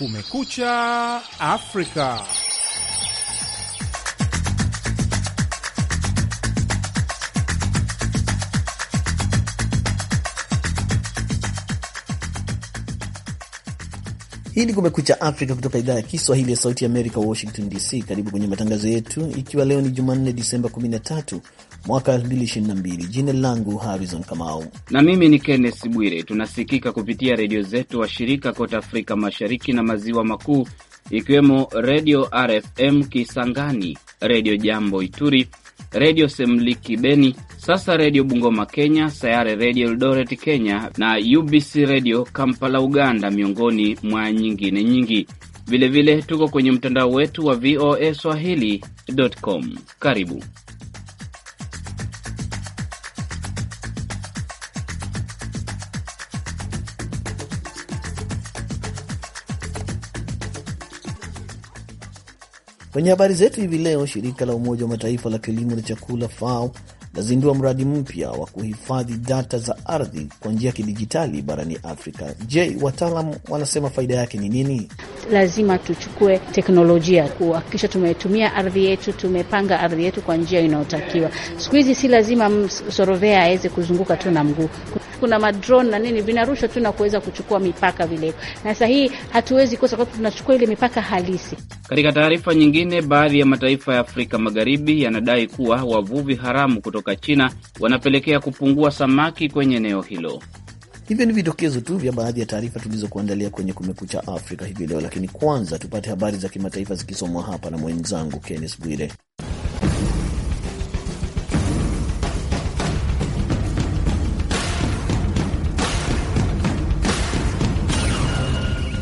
Kumekucha Afrika. Hii ni Kumekucha Afrika kutoka idhaa ya Kiswahili ya Sauti ya Amerika, Washington DC. Karibu kwenye matangazo yetu, ikiwa leo ni Jumanne, Disemba 13 mwaka 2022. Jina langu Harrison Kamau, na mimi ni Kenneth Bwire. Tunasikika kupitia redio zetu washirika kote Afrika Mashariki na Maziwa Makuu, ikiwemo Redio RFM Kisangani, Redio Jambo Ituri, Redio Semliki Beni, sasa Redio Bungoma Kenya, Sayare Redio Eldoret Kenya na UBC Redio Kampala Uganda, miongoni mwa nyingine nyingi. Vilevile tuko kwenye mtandao wetu wa VOA Swahili.com. Karibu. Kwenye habari zetu hivi leo, shirika la Umoja wa Mataifa la kilimo na chakula FAO lazindua mradi mpya wa kuhifadhi data za ardhi kwa njia ya kidijitali barani Afrika. Je, wataalam wanasema faida yake ni nini? Lazima tuchukue teknolojia kuhakikisha tumetumia ardhi yetu, tumepanga ardhi yetu kwa njia inayotakiwa. Siku hizi si lazima msorovea aweze kuzunguka tu na mguu kuna madrone na nini vinarushwa tu na kuweza kuchukua mipaka vilevyo, na sasa hii hatuwezi kosa, kwa sababu tunachukua ile mipaka halisi. Katika taarifa nyingine, baadhi ya mataifa ya Afrika Magharibi yanadai kuwa wavuvi haramu kutoka China wanapelekea kupungua samaki kwenye eneo hilo. Hivyo ni vidokezo tu vya baadhi ya taarifa tulizokuandalia kwenye Kumekucha Afrika hivi leo, lakini kwanza tupate habari za kimataifa zikisomwa hapa na mwenzangu Kennes Bwire.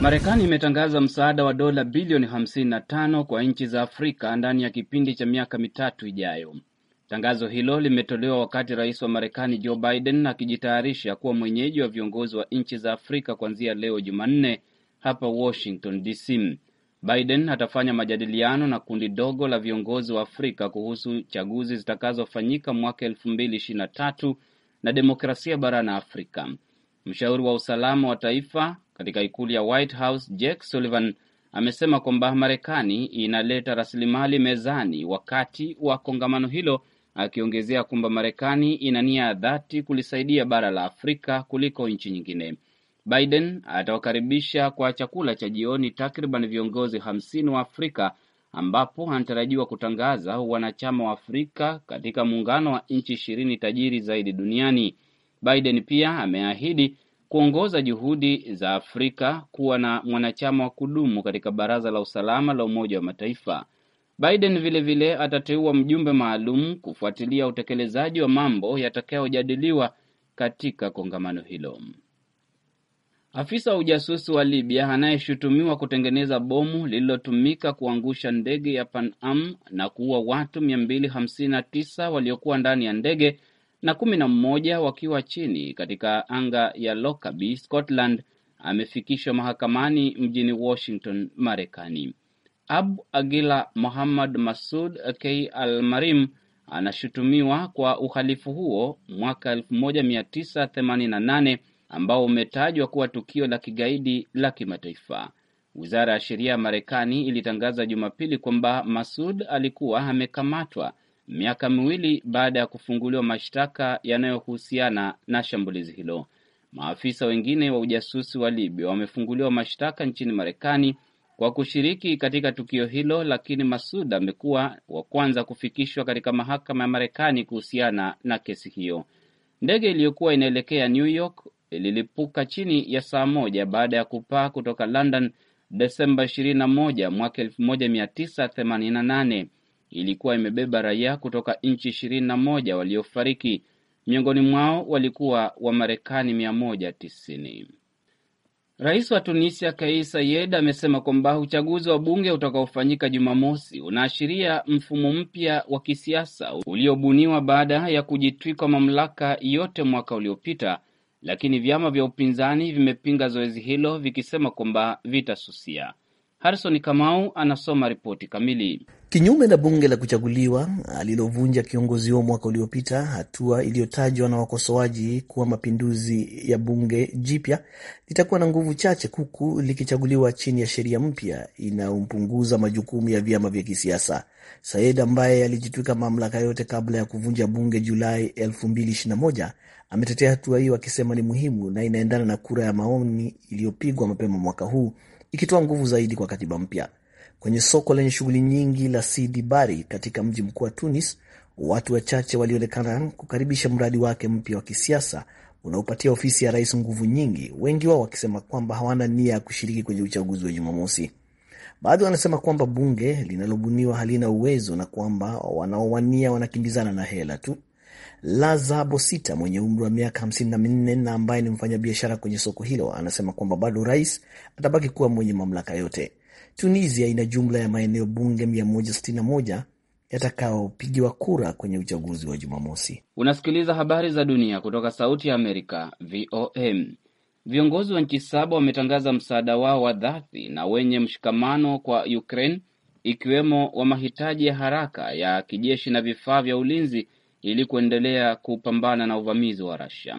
Marekani imetangaza msaada wa dola bilioni 55 kwa nchi za Afrika ndani ya kipindi cha miaka mitatu ijayo. Tangazo hilo limetolewa wakati rais wa Marekani Joe Biden akijitayarisha kuwa mwenyeji wa viongozi wa nchi za Afrika kuanzia leo Jumanne hapa Washington DC. Biden atafanya majadiliano na kundi dogo la viongozi wa Afrika kuhusu chaguzi zitakazofanyika mwaka elfu mbili ishirini na tatu na demokrasia barani Afrika. Mshauri wa usalama wa taifa katika ikulu ya White House, Jake Sullivan amesema kwamba Marekani inaleta rasilimali mezani wakati wa kongamano hilo, akiongezea kwamba Marekani ina nia ya dhati kulisaidia bara la Afrika kuliko nchi nyingine. Biden atawakaribisha kwa chakula cha jioni takriban viongozi hamsini wa Afrika ambapo anatarajiwa kutangaza wanachama wa Afrika katika muungano wa nchi ishirini tajiri zaidi duniani. Biden pia ameahidi kuongoza juhudi za Afrika kuwa na mwanachama wa kudumu katika Baraza la Usalama la Umoja wa Mataifa. Biden vilevile atateua mjumbe maalum kufuatilia utekelezaji wa mambo yatakayojadiliwa katika kongamano hilo. Afisa wa ujasusi wa Libya anayeshutumiwa kutengeneza bomu lililotumika kuangusha ndege ya Pan Am na kuua watu 259 waliokuwa ndani ya ndege na kumi na mmoja wakiwa chini katika anga ya Lockerbie, Scotland, amefikishwa mahakamani mjini Washington, Marekani. Abu Agila Muhammad Masud K Al Marim anashutumiwa kwa uhalifu huo mwaka 1988 ambao umetajwa kuwa tukio la kigaidi la kimataifa. Wizara ya sheria ya Marekani ilitangaza Jumapili kwamba Masud alikuwa amekamatwa miaka miwili baada ya kufunguliwa mashtaka yanayohusiana na shambulizi hilo. Maafisa wengine wa ujasusi wa Libya wamefunguliwa mashtaka nchini Marekani kwa kushiriki katika tukio hilo, lakini Masud amekuwa wa kwanza kufikishwa katika mahakama ya Marekani kuhusiana na kesi hiyo. Ndege iliyokuwa inaelekea New York ililipuka chini ya saa moja baada ya kupaa kutoka London Desemba 21 mwaka 1988 ilikuwa imebeba raia kutoka nchi ishirini na moja waliofariki, miongoni mwao walikuwa Wamarekani mia moja tisini. Rais wa Tunisia Kais Saied amesema kwamba uchaguzi wa bunge utakaofanyika Jumamosi unaashiria mfumo mpya wa kisiasa uliobuniwa baada ya kujitwikwa mamlaka yote mwaka uliopita, lakini vyama vya upinzani vimepinga zoezi hilo vikisema kwamba vitasusia. Harison Kamau anasoma ripoti kamili. Kinyume na bunge la kuchaguliwa alilovunja kiongozi huo mwaka uliopita, hatua iliyotajwa na wakosoaji kuwa mapinduzi ya bunge jipya litakuwa na nguvu chache, huku likichaguliwa chini ya sheria mpya inayompunguza majukumu ya vyama vya kisiasa. Said ambaye alijitwika mamlaka yote kabla ya kuvunja bunge Julai 2021 ametetea hatua hiyo akisema ni muhimu na inaendana na kura ya maoni iliyopigwa mapema mwaka huu ikitoa nguvu zaidi kwa katiba mpya. Kwenye soko lenye shughuli nyingi la Sidi Bari katika mji mkuu wa Tunis, watu wachache walionekana kukaribisha mradi wake mpya wa kisiasa unaopatia ofisi ya rais nguvu nyingi, wengi wao wakisema kwamba hawana nia ya kushiriki kwenye uchaguzi wa Jumamosi. Baadhi wanasema kwamba bunge linalobuniwa halina uwezo na kwamba wanaowania wanakimbizana na hela tu laza Bosita mwenye umri wa miaka hamsini na minne na ambaye ni mfanyabiashara kwenye soko hilo anasema kwamba bado rais atabaki kuwa mwenye mamlaka yote. Tunisia ina jumla ya maeneo bunge 161 yatakayopigiwa kura kwenye uchaguzi wa Jumamosi. Unasikiliza habari za dunia kutoka Sauti ya Amerika, VOM. Viongozi wa nchi saba wametangaza msaada wao wa dhati na wenye mshikamano kwa Ukraine, ikiwemo wa mahitaji ya haraka ya kijeshi na vifaa vya ulinzi ili kuendelea kupambana na uvamizi wa rasia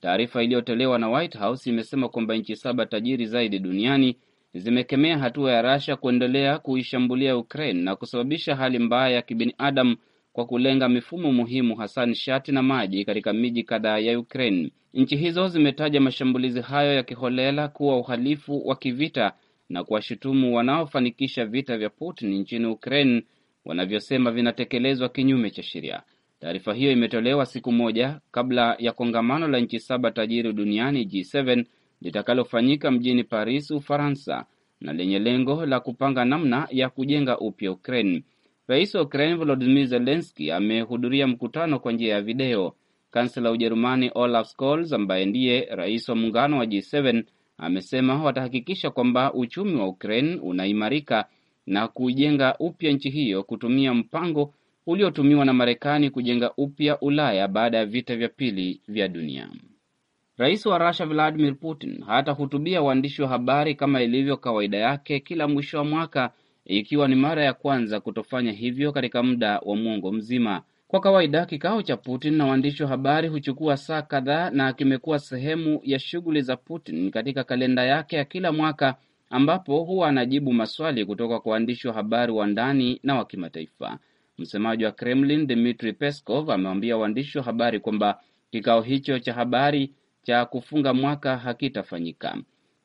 Taarifa iliyotolewa na White House imesema kwamba nchi saba tajiri zaidi duniani zimekemea hatua ya rasha kuendelea kuishambulia Ukraine na kusababisha hali mbaya ya kibinadamu kwa kulenga mifumo muhimu hasa nishati na maji katika miji kadhaa ya Ukraine. Nchi hizo zimetaja mashambulizi hayo ya kiholela kuwa uhalifu wa kivita na kuwashutumu wanaofanikisha vita vya Putin nchini Ukraine wanavyosema vinatekelezwa kinyume cha sheria. Taarifa hiyo imetolewa siku moja kabla ya kongamano la nchi saba tajiri duniani G7 litakalofanyika mjini Paris, Ufaransa, na lenye lengo la kupanga namna ya kujenga upya Ukraine. Rais wa Ukraine Volodimir Zelenski amehudhuria mkutano kwa njia ya video. Kansela Ujerumani Olaf Scholz, ambaye ndiye rais wa muungano wa G7, amesema watahakikisha kwamba uchumi wa Ukraine unaimarika na kujenga upya nchi hiyo kutumia mpango uliotumiwa na Marekani kujenga upya Ulaya baada ya vita vya pili vya dunia. Rais wa Rusia Vladimir Putin hatahutubia waandishi wa habari kama ilivyo kawaida yake kila mwisho wa mwaka, ikiwa ni mara ya kwanza kutofanya hivyo katika muda wa mwongo mzima. Kwa kawaida kikao cha Putin na waandishi wa habari huchukua saa kadhaa na kimekuwa sehemu ya shughuli za Putin katika kalenda yake ya kila mwaka, ambapo huwa anajibu maswali kutoka kwa waandishi wa habari wa ndani na wa kimataifa. Msemaji wa Kremlin Dmitri Peskov amewambia waandishi wa habari kwamba kikao hicho cha habari cha kufunga mwaka hakitafanyika.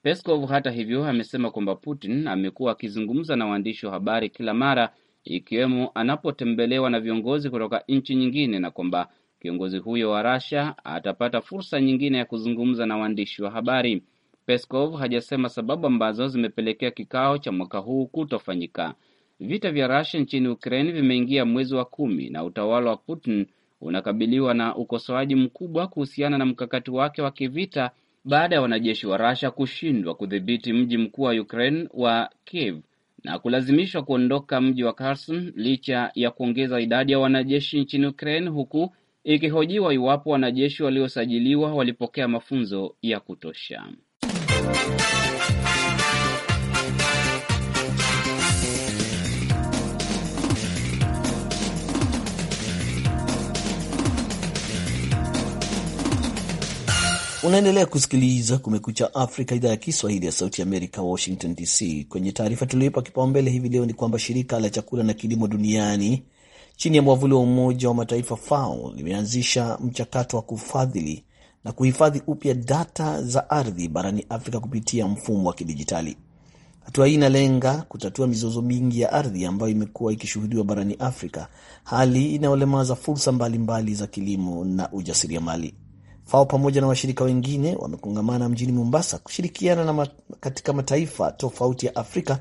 Peskov hata hivyo amesema kwamba Putin amekuwa akizungumza na waandishi wa habari kila mara, ikiwemo anapotembelewa na viongozi kutoka nchi nyingine, na kwamba kiongozi huyo wa Russia atapata fursa nyingine ya kuzungumza na waandishi wa habari. Peskov hajasema sababu ambazo zimepelekea kikao cha mwaka huu kutofanyika. Vita vya Russia nchini Ukraine vimeingia mwezi wa kumi na utawala wa Putin unakabiliwa na ukosoaji mkubwa kuhusiana na mkakati wake wa kivita baada ya wanajeshi wa Russia kushindwa kudhibiti mji mkuu wa Ukraine wa Kiev na kulazimishwa kuondoka mji wa Kherson licha ya kuongeza idadi ya wanajeshi nchini Ukraine huku ikihojiwa iwapo wanajeshi waliosajiliwa walipokea mafunzo ya kutosha. Unaendelea kusikiliza Kumekucha Afrika, idhaa ya Kiswahili ya Sauti Amerika, Washington DC. Kwenye taarifa tulioipa kipaumbele hivi leo ni kwamba shirika la chakula na kilimo duniani chini ya mwavuli wa Umoja wa Mataifa FAO limeanzisha mchakato wa kufadhili na kuhifadhi upya data za ardhi barani Afrika kupitia mfumo wa kidijitali. Hatua hii inalenga kutatua mizozo mingi ya ardhi ambayo imekuwa ikishuhudiwa barani Afrika, hali inayolemaza fursa mbalimbali mbali za kilimo na ujasiriamali. FAO pamoja na washirika wengine wamekongamana mjini Mombasa kushirikiana na katika mataifa tofauti ya Afrika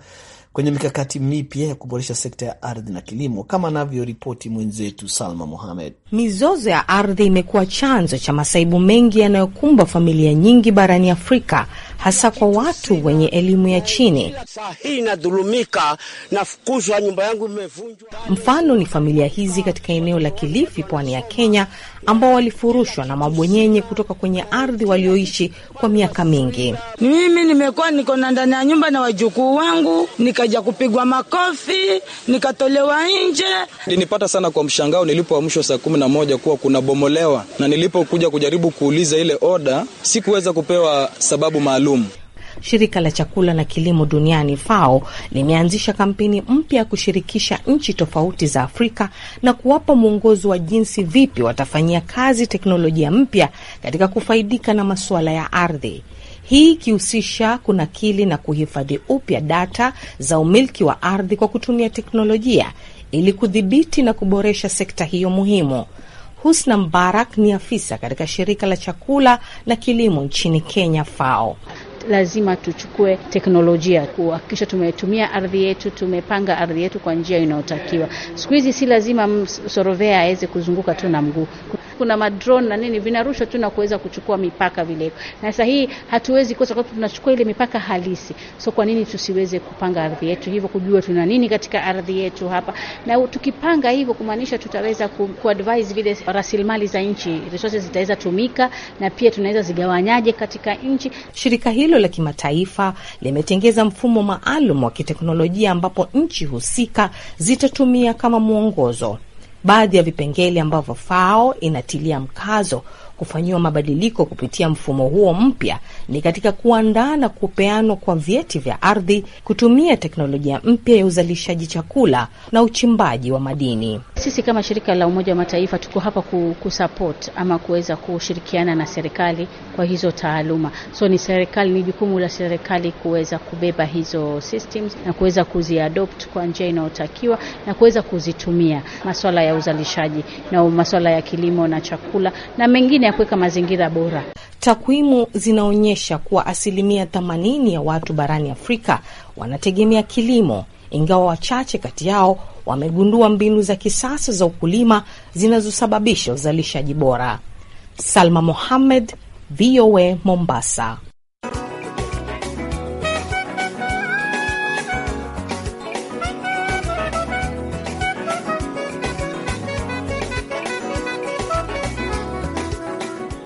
kwenye mikakati mipya ya kuboresha sekta ya ardhi na kilimo, kama anavyoripoti mwenzetu Salma Mohamed. Mizozo ya ardhi imekuwa chanzo cha masaibu mengi yanayokumba familia nyingi barani Afrika, hasa kwa watu wenye elimu ya chini. Saa hii nadhulumika, nafukuzwa, nyumba yangu imevunjwa. Mfano ni familia hizi katika eneo la Kilifi, pwani ya Kenya, ambao walifurushwa na mabwenyenye kutoka kwenye ardhi walioishi kwa miaka mingi. Mimi nimekuwa niko na ndani ya nyumba na wajukuu wangu nika nikaja kupigwa makofi, nikatolewa nje. Ilinipata sana kwa mshangao nilipoamshwa saa kumi na moja kuwa kuna bomolewa, na nilipokuja kujaribu kuuliza ile oda sikuweza kupewa sababu maalum. Shirika la chakula na kilimo duniani FAO limeanzisha kampeni mpya ya kushirikisha nchi tofauti za Afrika na kuwapa mwongozo wa jinsi vipi watafanyia kazi teknolojia mpya katika kufaidika na masuala ya ardhi hii ikihusisha kunakili na kuhifadhi upya data za umiliki wa ardhi kwa kutumia teknolojia ili kudhibiti na kuboresha sekta hiyo muhimu. Husna Mbarak ni afisa katika shirika la chakula na kilimo nchini Kenya, FAO. Lazima tuchukue teknolojia kuhakikisha tumetumia ardhi yetu, tumepanga ardhi yetu kwa njia inayotakiwa. Siku hizi si lazima msorovea aweze kuzunguka tu na mguu kuna madrone na nini vinarushwa tu na kuweza kuchukua mipaka vilevile, na sasa hii hatuwezi kosa, kwa sababu tunachukua ile mipaka halisi. So kwa nini tusiweze kupanga ardhi yetu hivyo, kujua tuna nini katika ardhi yetu hapa, na tukipanga hivyo kumaanisha tutaweza ku, advise vile rasilimali za nchi resources zitaweza tumika, na pia tunaweza zigawanyaje katika nchi. Shirika hilo la kimataifa limetengeza mfumo maalum wa kiteknolojia ambapo nchi husika zitatumia kama mwongozo baadhi ya vipengele ambavyo FAO inatilia mkazo kufanyiwa mabadiliko kupitia mfumo huo mpya ni katika kuandaa na kupeanwa kwa vyeti vya ardhi, kutumia teknolojia mpya ya uzalishaji chakula na uchimbaji wa madini. Sisi kama shirika la Umoja wa Mataifa tuko hapa kusupport ama kuweza kushirikiana na serikali kwa hizo taaluma. So ni serikali, ni jukumu la serikali kuweza kubeba hizo systems na kuweza kuziadopt kwa njia inayotakiwa na kuweza kuzitumia maswala ya uzalishaji na maswala ya kilimo na chakula na mengine kuweka mazingira bora. Takwimu zinaonyesha kuwa asilimia 80 ya watu barani Afrika wanategemea kilimo, ingawa wachache kati yao wamegundua mbinu za kisasa za ukulima zinazosababisha uzalishaji bora. Salma Mohammed, VOA Mombasa.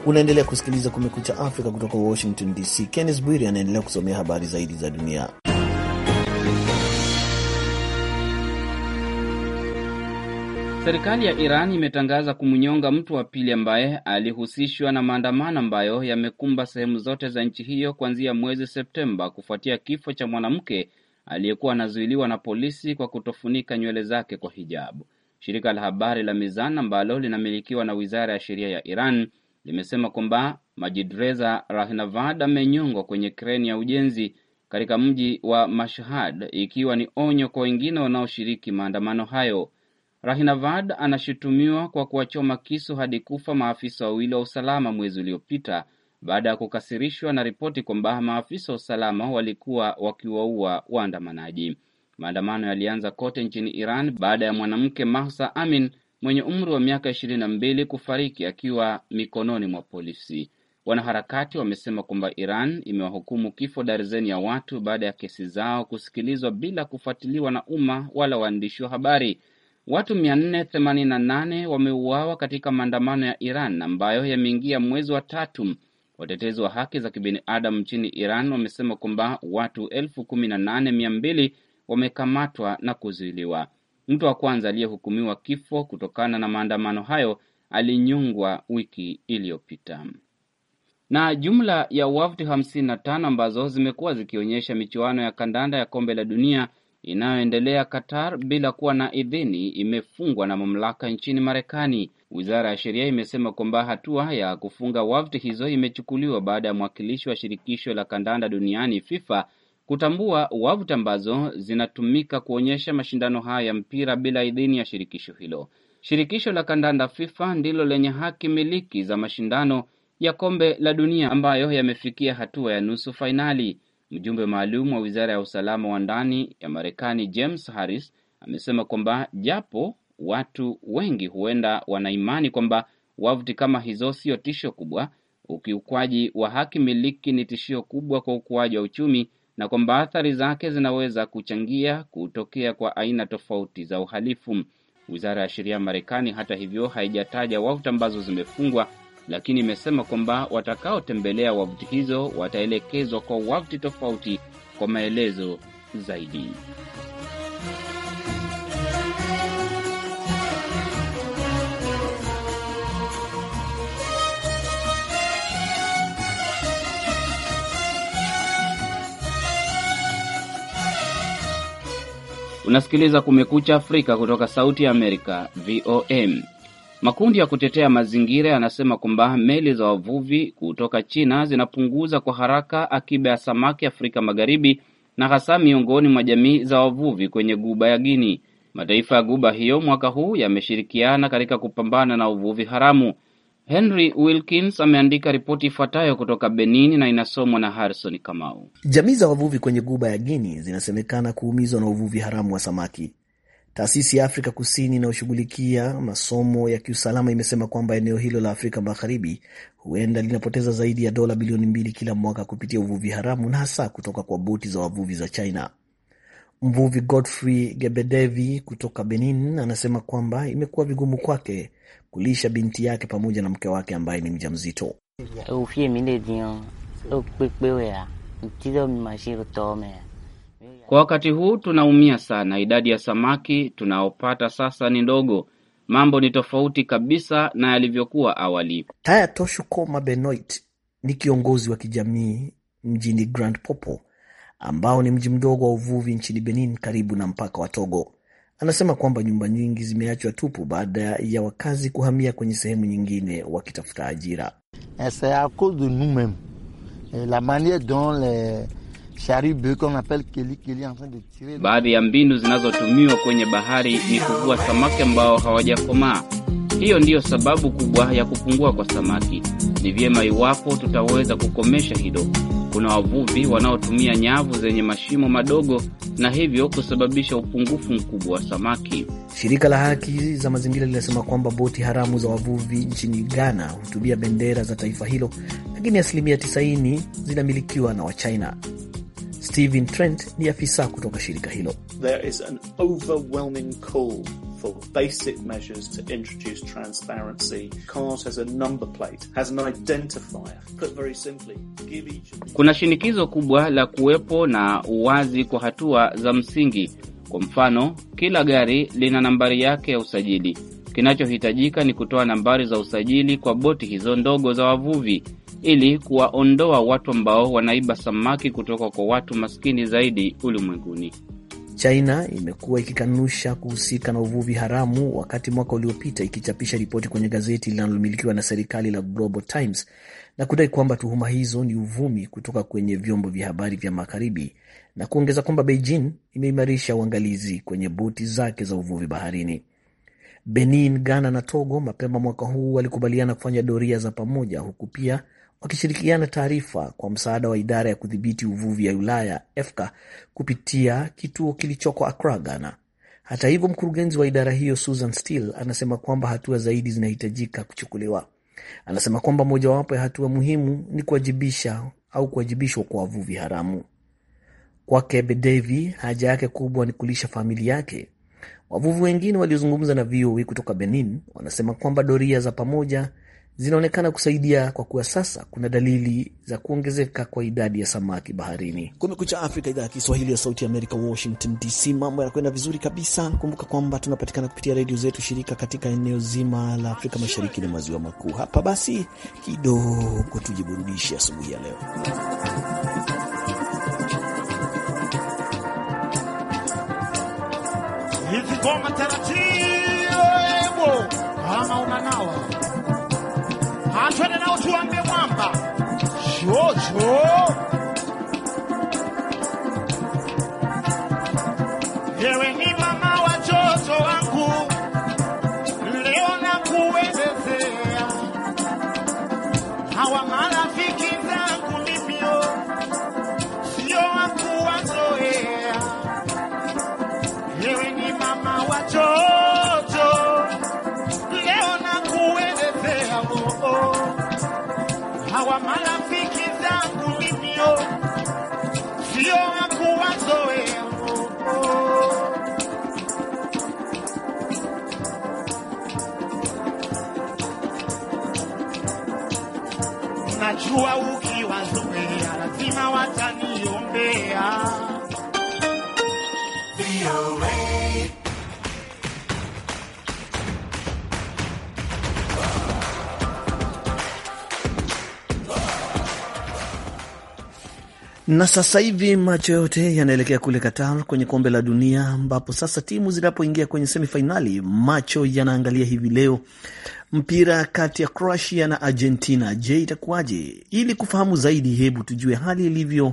Unaendelea kusikiliza Kumekucha Afrika kutoka Washington DC. Kennes Bwiri anaendelea kusomea habari zaidi za dunia. Serikali ya Iran imetangaza kumnyonga mtu wa pili ambaye alihusishwa na maandamano ambayo yamekumba sehemu zote za nchi hiyo kuanzia mwezi Septemba kufuatia kifo cha mwanamke aliyekuwa anazuiliwa na polisi kwa kutofunika nywele zake kwa hijabu. Shirika la habari la Mizan ambalo linamilikiwa na wizara ya sheria ya Iran limesema kwamba majidreza Rahnavad amenyongwa kwenye kreni ya ujenzi katika mji wa Mashhad, ikiwa ni onyo kwa wengine wanaoshiriki maandamano hayo. Rahinavad anashutumiwa kwa kuwachoma kisu hadi kufa maafisa wawili wa usalama mwezi uliopita baada ya kukasirishwa na ripoti kwamba maafisa wa usalama walikuwa wakiwaua waandamanaji. Maandamano yalianza kote nchini Iran baada ya mwanamke Mahsa Amin mwenye umri wa miaka ishirini na mbili kufariki akiwa mikononi mwa polisi. Wanaharakati wamesema kwamba Iran imewahukumu kifo darzeni ya watu baada ya kesi zao kusikilizwa bila kufuatiliwa na umma wala waandishi wa habari. Watu 488 wameuawa katika maandamano ya Iran ambayo yameingia mwezi wa tatu. Watetezi wa haki za kibinadamu nchini Iran wamesema kwamba watu 18200 wamekamatwa na kuzuiliwa. Mtu wa kwanza aliyehukumiwa kifo kutokana na maandamano hayo alinyungwa wiki iliyopita. Na jumla ya wavuti 55 ambazo zimekuwa zikionyesha michuano ya kandanda ya kombe la dunia inayoendelea Qatar bila kuwa na idhini imefungwa na mamlaka nchini Marekani. Wizara ya sheria imesema kwamba hatua ya kufunga wavuti hizo imechukuliwa baada ya mwakilishi wa shirikisho la kandanda duniani FIFA kutambua wavuti ambazo zinatumika kuonyesha mashindano haya ya mpira bila idhini ya shirikisho hilo. Shirikisho la kandanda FIFA ndilo lenye haki miliki za mashindano ya kombe la dunia ambayo yamefikia hatua ya nusu fainali. Mjumbe maalum wa wizara ya usalama wa ndani ya Marekani James Harris amesema kwamba japo watu wengi huenda wanaimani kwamba wavuti kama hizo sio tisho kubwa, ukiukwaji wa haki miliki ni tishio kubwa kwa ukuaji wa uchumi na kwamba athari zake zinaweza kuchangia kutokea kwa aina tofauti za uhalifu. Wizara ya sheria ya Marekani, hata hivyo, haijataja wavuti ambazo zimefungwa, lakini imesema kwamba watakaotembelea wavuti hizo wataelekezwa kwa wavuti tofauti kwa maelezo zaidi. Unasikiliza Kumekucha Afrika kutoka Sauti ya Amerika, VOM. Makundi ya kutetea mazingira yanasema kwamba meli za wavuvi kutoka China zinapunguza kwa haraka akiba ya samaki Afrika Magharibi, na hasa miongoni mwa jamii za wavuvi kwenye guba ya Guini. Mataifa ya guba hiyo mwaka huu yameshirikiana katika kupambana na uvuvi haramu. Henry Wilkins ameandika ripoti ifuatayo kutoka Benin na inasomwa na Harrison Kamau. Jamii za wavuvi kwenye guba ya guini zinasemekana kuumizwa na uvuvi haramu wa samaki. Taasisi ya Afrika Kusini inayoshughulikia masomo ya kiusalama imesema kwamba eneo hilo la Afrika Magharibi huenda linapoteza zaidi ya dola bilioni mbili kila mwaka kupitia uvuvi haramu na hasa kutoka kwa boti za wavuvi za China. Mvuvi Godfrey Gebedevi kutoka Benin anasema kwamba imekuwa vigumu kwake kulisha binti yake pamoja na mke wake ambaye ni mja mzito Kwa wakati huu tunaumia sana. Idadi ya samaki tunaopata sasa ni ndogo. Mambo ni tofauti kabisa na yalivyokuwa awali. Taya Toshuko Mabenoit ni kiongozi wa kijamii mjini Grand Popo ambao ni mji mdogo wa uvuvi nchini Benin karibu na mpaka wa Togo. Anasema kwamba nyumba nyingi zimeachwa tupu baada ya wakazi kuhamia kwenye sehemu nyingine wakitafuta ajira. Eh, eh, Baadhi ya mbinu zinazotumiwa kwenye bahari ni kuvua samaki ambao hawajakomaa. Hiyo ndiyo sababu kubwa ya kupungua kwa samaki. Ni vyema iwapo tutaweza kukomesha hilo, kuna wavuvi wanaotumia nyavu zenye mashimo madogo na hivyo kusababisha upungufu mkubwa wa samaki. Shirika la haki za mazingira linasema kwamba boti haramu za wavuvi nchini Ghana hutumia bendera za taifa hilo, lakini asilimia 90 zinamilikiwa na Wachina. Stephen Trent ni afisa kutoka shirika hilo. There is an overwhelming call for basic measures to introduce transparency. Cars has a number plate, has an identifier. Put very simply, give each... Kuna shinikizo kubwa la kuwepo na uwazi kwa hatua za msingi. Kwa mfano, kila gari lina nambari yake ya usajili. Kinachohitajika ni kutoa nambari za usajili kwa boti hizo ndogo za wavuvi ili kuwaondoa watu ambao wanaiba samaki kutoka kwa watu maskini zaidi ulimwenguni. China imekuwa ikikanusha kuhusika na uvuvi haramu, wakati mwaka uliopita ikichapisha ripoti kwenye gazeti linalomilikiwa na serikali la Global Times na kudai kwamba tuhuma hizo ni uvumi kutoka kwenye vyombo vya habari vya Magharibi, na kuongeza kwamba Beijing imeimarisha uangalizi kwenye boti zake za uvuvi baharini. Benin, Ghana na Togo mapema mwaka huu walikubaliana kufanya doria za pamoja, huku pia wakishirikiana taarifa kwa msaada wa idara ya kudhibiti uvuvi ya Ulaya EFCA kupitia kituo kilichoko Accra, Ghana. Hata hivyo, mkurugenzi wa idara hiyo Susan Steele anasema kwamba hatua zaidi zinahitajika kuchukuliwa. Anasema kwamba mojawapo ya hatua muhimu ni kuwajibisha au kuwajibishwa kwa wavuvi haramu. Kwake Bedevi, haja yake kubwa ni kulisha familia yake. Wavuvi wengine waliozungumza na VOA e kutoka Benin wanasema kwamba doria za pamoja zinaonekana kusaidia kwa kuwa sasa kuna dalili za kuongezeka kwa idadi ya samaki baharini. Kumekucha Afrika, idhaa ya Kiswahili ya Sauti ya Amerika, Washington DC. Mambo yanakwenda vizuri kabisa. Kumbuka kwamba tunapatikana kupitia redio zetu shirika katika eneo zima la Afrika Mashariki na Maziwa Makuu. Hapa basi kidogo tujiburudishe asubuhi ya leo. ama unanawa hantwene na uthi wambe mwamba jojo yewe najua ukiwazoea lazima wataniombea. Na sasa hivi macho yote yanaelekea kule Qatar kwenye kombe la dunia, ambapo sasa timu zinapoingia kwenye semifainali macho yanaangalia hivi leo mpira kati ya Croatia na Argentina. Je, itakuwaje? Ili kufahamu zaidi, hebu tujue hali ilivyo,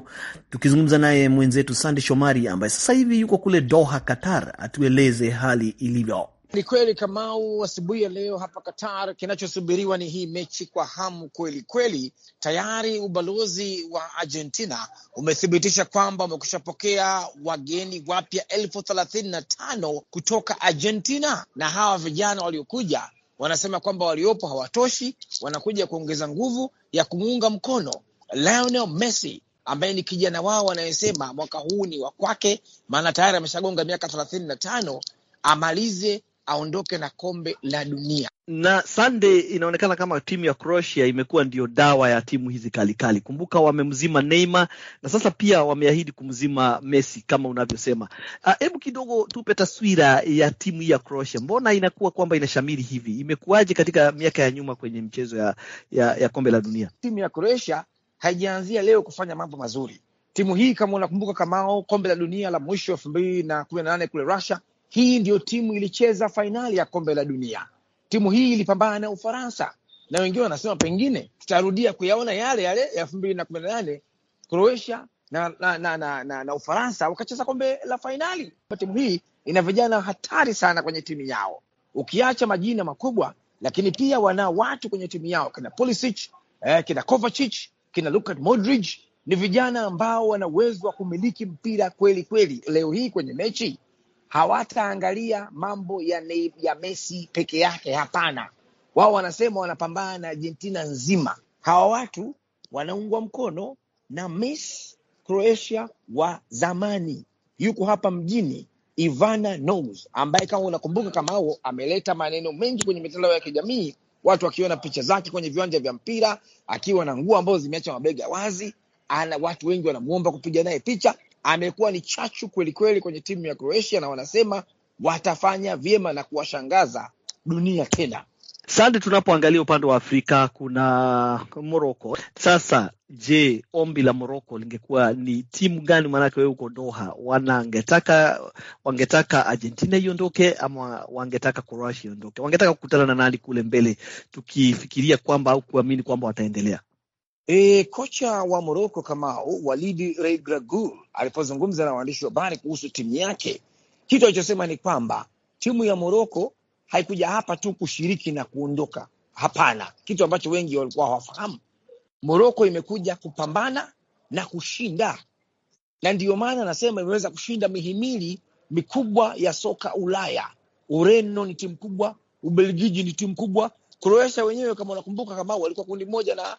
tukizungumza naye mwenzetu Sande Shomari ambaye sasa hivi yuko kule Doha, Qatar, atueleze hali ilivyo. Ni kweli Kamau, asubuhi ya leo hapa Qatar, kinachosubiriwa ni hii mechi kwa hamu kweli kweli. Tayari ubalozi wa Argentina umethibitisha kwamba pokea wageni wapya elfu thelathini na tano kutoka Argentina, na hawa vijana waliokuja wanasema kwamba waliopo hawatoshi, wanakuja kuongeza nguvu ya kumuunga mkono Lionel Messi ambaye ni kijana wao wanayesema mwaka huu ni wa kwake, maana tayari ameshagonga miaka thelathini na tano amalize aondoke na kombe la dunia. Na Sunday, inaonekana kama timu ya Croatia imekuwa ndio dawa ya timu hizi kalikali. Kumbuka wamemzima Neymar na sasa pia wameahidi kumzima Messi kama unavyosema. Ah, hebu kidogo tupe taswira ya timu hii ya Croatia, mbona inakuwa kwamba inashamiri hivi? Imekuwaje katika miaka ya nyuma kwenye mchezo ya, ya, ya kombe la dunia? Timu ya Croatia haijaanzia leo kufanya mambo mazuri. Timu hii kama unakumbuka, kamao kombe la dunia la mwisho elfu mbili na kumi na nane kule Russia hii ndiyo timu ilicheza fainali ya kombe la dunia. Timu hii ilipambana na Ufaransa, na wengine wanasema pengine tutarudia kuyaona yale yale ya elfu mbili na kumi na nane Croatia na, na, na, na, na, na Ufaransa wakacheza kombe la fainali. Timu hii ina vijana hatari sana kwenye timu yao, ukiacha majina makubwa, lakini pia wana watu kwenye timu yao kina Pulisic, eh, kina Kovacic, kina Luka Modric. Ni vijana ambao wana uwezo wa kumiliki mpira kweli kweli. Leo hii kwenye mechi hawataangalia mambo ya, ne, ya Messi peke yake. Hapana, wao wanasema wanapambana na Argentina nzima. Hawa watu wanaungwa mkono na Miss Croatia wa zamani, yuko hapa mjini Ivana Nos, ambaye kama unakumbuka, kama huo ameleta maneno mengi kwenye mitandao ya kijamii, watu wakiona picha zake kwenye viwanja vya mpira akiwa na nguo ambazo zimeacha mabega wazi ana, watu wengi wanamwomba kupiga naye picha amekuwa ni chachu kwelikweli kwenye timu ya Croatia na wanasema watafanya vyema na kuwashangaza dunia tena. Sande, tunapoangalia upande wa Afrika kuna Moroko. Sasa je, ombi la Moroko lingekuwa ni timu gani? Maanake wewe uko Doha, wanangetaka wangetaka Argentina iondoke ama wangetaka Croatia iondoke? Wangetaka kukutana na nani kule mbele, tukifikiria kwamba au kuamini kwamba wataendelea E, kocha wa Moroko Kamau Walidi Regragui alipozungumza na waandishi wa habari kuhusu timu yake, kitu alichosema ni kwamba timu ya Moroko haikuja hapa tu kushiriki na kuondoka. Hapana, kitu ambacho wengi walikuwa hawafahamu, Moroko imekuja kupambana na kushinda, na ndiyo maana anasema imeweza kushinda mihimili mikubwa ya soka Ulaya. Ureno ni timu kubwa, Ubelgiji ni timu kubwa, Kroatia wenyewe kama unakumbuka, kama walikuwa kundi moja na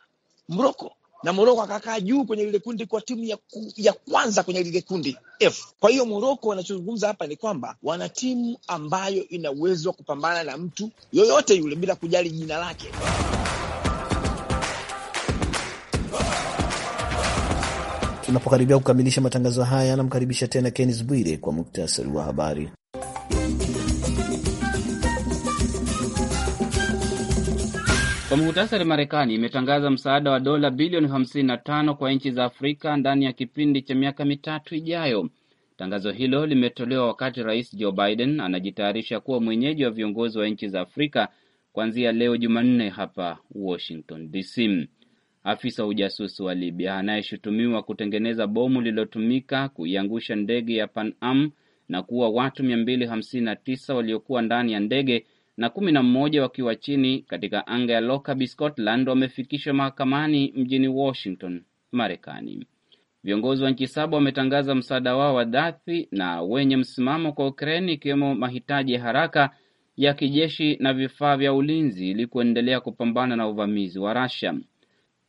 Moroko na Moroko akakaa juu kwenye lile kundi kwa timu ya, ku, ya kwanza kwenye lile kundi F. Kwa hiyo Moroko wanachozungumza hapa ni kwamba wana timu ambayo ina uwezo wa kupambana na mtu yoyote yule bila kujali jina lake. Tunapokaribia kukamilisha matangazo haya, anamkaribisha tena Kennes Bwire kwa muktasari wa habari. Kwa muhtasari, Marekani imetangaza msaada wa dola bilioni 55 kwa nchi za Afrika ndani ya kipindi cha miaka mitatu ijayo. Tangazo hilo limetolewa wakati Rais Joe Biden anajitayarisha kuwa mwenyeji wa viongozi wa nchi za Afrika kuanzia leo Jumanne hapa Washington DC. Afisa wa ujasusi wa Libya anayeshutumiwa kutengeneza bomu lililotumika kuiangusha ndege ya Pan Am na kuua watu 259 waliokuwa ndani ya ndege na kumi na mmoja wakiwa chini katika anga ya Lockerbie, Scotland wamefikishwa mahakamani mjini Washington, Marekani. Viongozi wa nchi saba wametangaza msaada wao wa dhati na wenye msimamo kwa Ukraine, ikiwemo mahitaji ya haraka ya kijeshi na vifaa vya ulinzi ili kuendelea kupambana na uvamizi wa rusia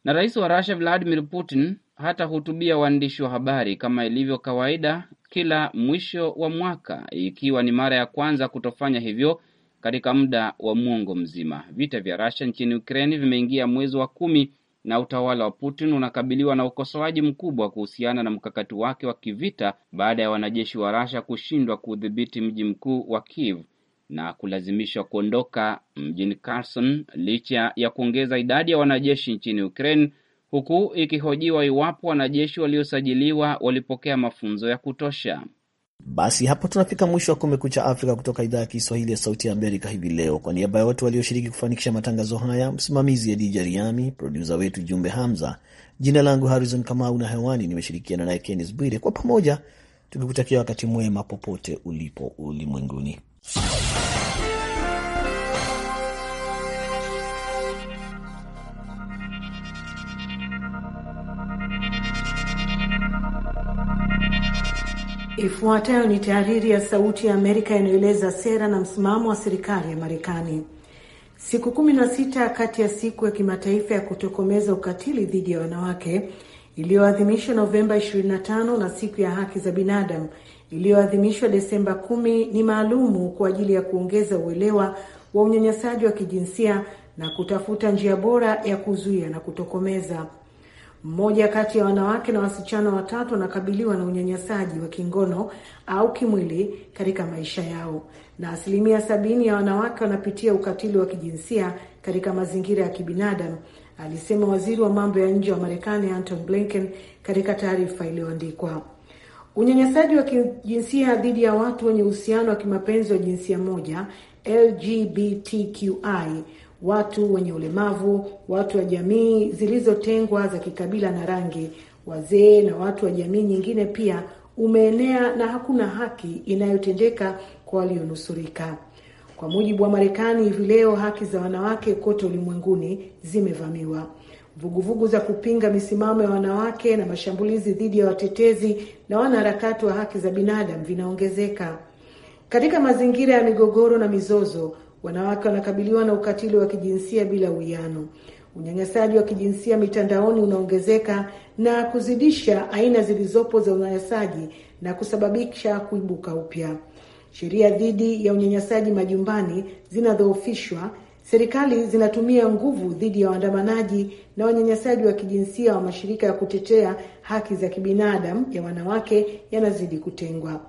Na rais wa rusia Vladimir Putin hatahutubia waandishi wa habari kama ilivyo kawaida kila mwisho wa mwaka, ikiwa ni mara ya kwanza kutofanya hivyo katika muda wa mwongo mzima. Vita vya rasha nchini ukraini vimeingia mwezi wa kumi na utawala wa Putin unakabiliwa na ukosoaji mkubwa kuhusiana na mkakati wake wa kivita baada ya wanajeshi wa rasha kushindwa kuudhibiti mji mkuu wa Kiev na kulazimishwa kuondoka mjini Kherson licha ya kuongeza idadi ya wanajeshi nchini Ukraine, huku ikihojiwa iwapo wanajeshi waliosajiliwa walipokea mafunzo ya kutosha. Basi hapo tunafika mwisho wa Kumekucha Afrika kutoka idhaa ya Kiswahili ya Sauti ya Amerika hivi leo. Kwa niaba ya wote walioshiriki kufanikisha matangazo haya, msimamizi Adija Riami, produsa wetu Jumbe Hamza, jina langu Harrison Kamau na hewani nimeshirikiana naye Kennes Bwire, kwa pamoja tukikutakia wakati mwema popote ulipo ulimwenguni. Ifuatayo ni tahariri ya Sauti ya Amerika inayoeleza sera na msimamo wa serikali ya Marekani. Siku kumi na sita kati ya siku ya kimataifa ya kutokomeza ukatili dhidi ya wanawake iliyoadhimishwa Novemba 25 na siku ya haki za binadamu iliyoadhimishwa Desemba 10 ni maalumu kwa ajili ya kuongeza uelewa wa unyanyasaji wa kijinsia na kutafuta njia bora ya kuzuia na kutokomeza. Mmoja kati ya wanawake na wasichana watatu wanakabiliwa na unyanyasaji wa kingono au kimwili katika maisha yao, na asilimia sabini ya wanawake wanapitia ukatili wa kijinsia katika mazingira ya kibinadamu, alisema waziri wa mambo ya nje wa Marekani Anton Blinken katika taarifa iliyoandikwa. Unyanyasaji wa kijinsia dhidi ya watu wenye uhusiano wa kimapenzi wa jinsia moja LGBTQI watu wenye ulemavu, watu wa jamii zilizotengwa za kikabila na rangi, wazee na watu wa jamii nyingine pia umeenea na hakuna haki inayotendeka kwa walionusurika. Kwa mujibu wa Marekani, hivi leo haki za wanawake kote ulimwenguni zimevamiwa. Vuguvugu za kupinga misimamo ya wanawake na mashambulizi dhidi ya watetezi na wanaharakati wa haki za binadamu vinaongezeka. Katika mazingira ya migogoro na mizozo, wanawake wanakabiliwa na ukatili wa kijinsia bila uwiano. Unyanyasaji wa kijinsia mitandaoni unaongezeka na kuzidisha aina zilizopo za unyanyasaji na kusababisha kuibuka upya. Sheria dhidi ya unyanyasaji majumbani zinadhoofishwa. Serikali zinatumia nguvu dhidi ya waandamanaji na wanyanyasaji wa kijinsia wa mashirika ya kutetea haki za kibinadamu ya wanawake yanazidi kutengwa.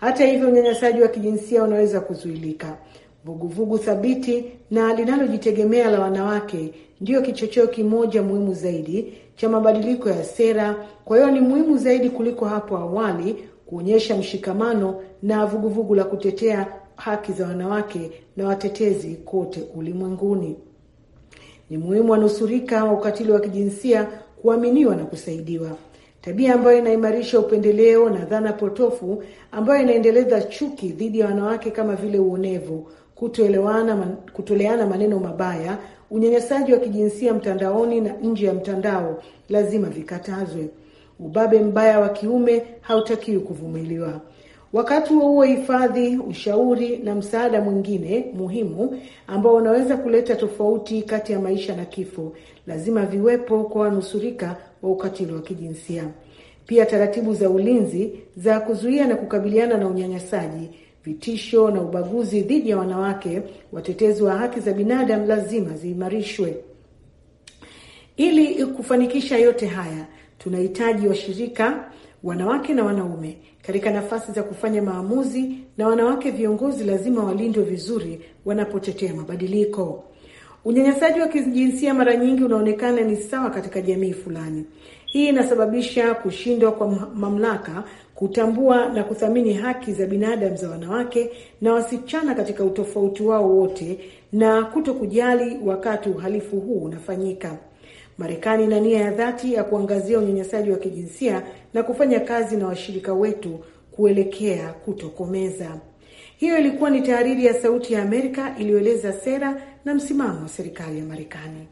Hata hivyo, unyanyasaji wa kijinsia unaweza kuzuilika vuguvugu thabiti na linalojitegemea la wanawake ndiyo kichocheo kimoja muhimu zaidi cha mabadiliko ya sera. Kwa hiyo ni muhimu zaidi kuliko hapo awali kuonyesha mshikamano na vuguvugu vugu la kutetea haki za wanawake na watetezi kote ulimwenguni. Ni muhimu wanusurika wa ukatili wa kijinsia kuaminiwa na kusaidiwa, tabia ambayo inaimarisha upendeleo na dhana potofu ambayo inaendeleza chuki dhidi ya wanawake kama vile uonevu, kutoelewana kutoleana maneno mabaya, unyanyasaji wa kijinsia mtandaoni na nje ya mtandao lazima vikatazwe. Ubabe mbaya wa kiume hautakiwi kuvumiliwa. Wakati huo huo, hifadhi, ushauri na msaada mwingine muhimu ambao unaweza kuleta tofauti kati ya maisha na kifo lazima viwepo kwa wanusurika wa ukatili wa kijinsia. Pia taratibu za ulinzi za kuzuia na kukabiliana na unyanyasaji vitisho na ubaguzi dhidi ya wanawake, watetezi wa haki za binadamu lazima ziimarishwe. Ili kufanikisha yote haya, tunahitaji washirika wanawake na wanaume katika nafasi za kufanya maamuzi, na wanawake viongozi lazima walindwe vizuri wanapotetea mabadiliko. Unyanyasaji wa kijinsia mara nyingi unaonekana ni sawa katika jamii fulani, hii inasababisha kushindwa kwa mamlaka kutambua na kuthamini haki za binadamu za wanawake na wasichana katika utofauti wao wote na kuto kujali wakati uhalifu huu unafanyika. Marekani ina nia ya dhati ya kuangazia unyanyasaji wa kijinsia na kufanya kazi na washirika wetu kuelekea kutokomeza. Hiyo ilikuwa ni tahariri ya Sauti ya Amerika iliyoeleza sera na msimamo wa serikali ya Marekani.